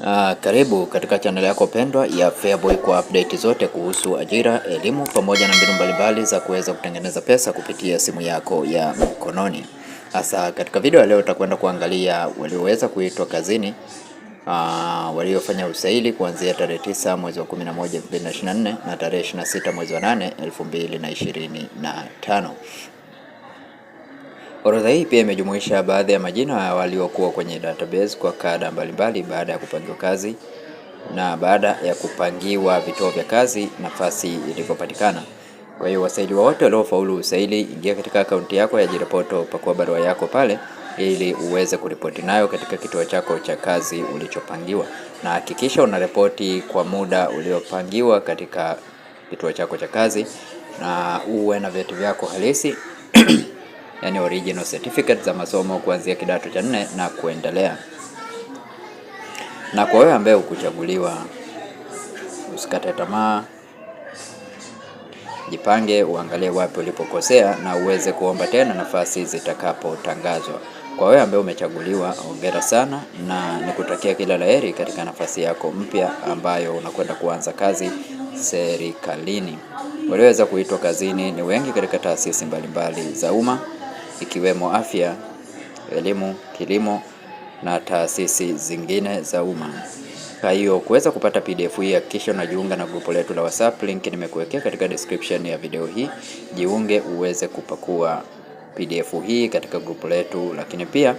Uh, karibu katika channel yako pendwa ya Feaboy kwa update zote kuhusu ajira, elimu pamoja na mbinu mbalimbali za kuweza kutengeneza pesa kupitia simu yako ya mkononi. Sasa katika video ya leo tutakwenda kuangalia walioweza kuitwa kazini, uh, waliofanya usaili kuanzia tarehe 9 mwezi wa 11 2024 na tarehe 26 mwezi wa 8 2025. Orodha hii pia imejumuisha baadhi ya majina waliokuwa kwenye database kwa kada mbalimbali baada ya kupangiwa kazi na baada ya kupangiwa vituo vya kazi nafasi ilivyopatikana. Kwa hiyo wasaili wowote waliofaulu usaili, ingia katika akaunti yako ya Jirepoto, pakua barua yako pale ili uweze kuripoti nayo katika kituo chako cha kazi ulichopangiwa, na hakikisha unaripoti kwa muda uliopangiwa katika kituo chako cha kazi, na uwe na vyeti vyako halisi yani original certificate za masomo kuanzia kidato cha nne na kuendelea. Na kwa wewe ambaye hukuchaguliwa, usikate tamaa, jipange, uangalie wapi ulipokosea na uweze kuomba tena nafasi zitakapotangazwa. Kwa wewe ambaye umechaguliwa, hongera sana na nikutakia kila laheri katika nafasi yako mpya ambayo unakwenda kuanza kazi serikalini. Walioweza kuitwa kazini ni wengi katika taasisi mbalimbali za umma ikiwemo afya, elimu, kilimo na taasisi zingine za umma. Kwa hiyo kuweza kupata PDF hii hakikisha unajiunga na grupu letu la WhatsApp, link nimekuwekea katika description ya video hii. Jiunge uweze kupakua PDF hii katika grupu letu, lakini pia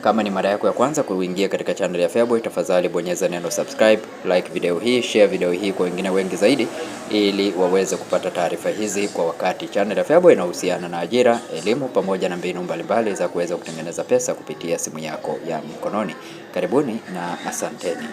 kama ni mara yako ya kwanza kuingia katika channel ya Feaboy, tafadhali bonyeza neno subscribe, like video hii, share video hii kwa wengine wengi zaidi, ili waweze kupata taarifa hizi kwa wakati. Channel ya Feaboy inahusiana na ajira, elimu pamoja na mbinu mbalimbali za kuweza kutengeneza pesa kupitia simu yako ya mkononi. Karibuni na asanteni.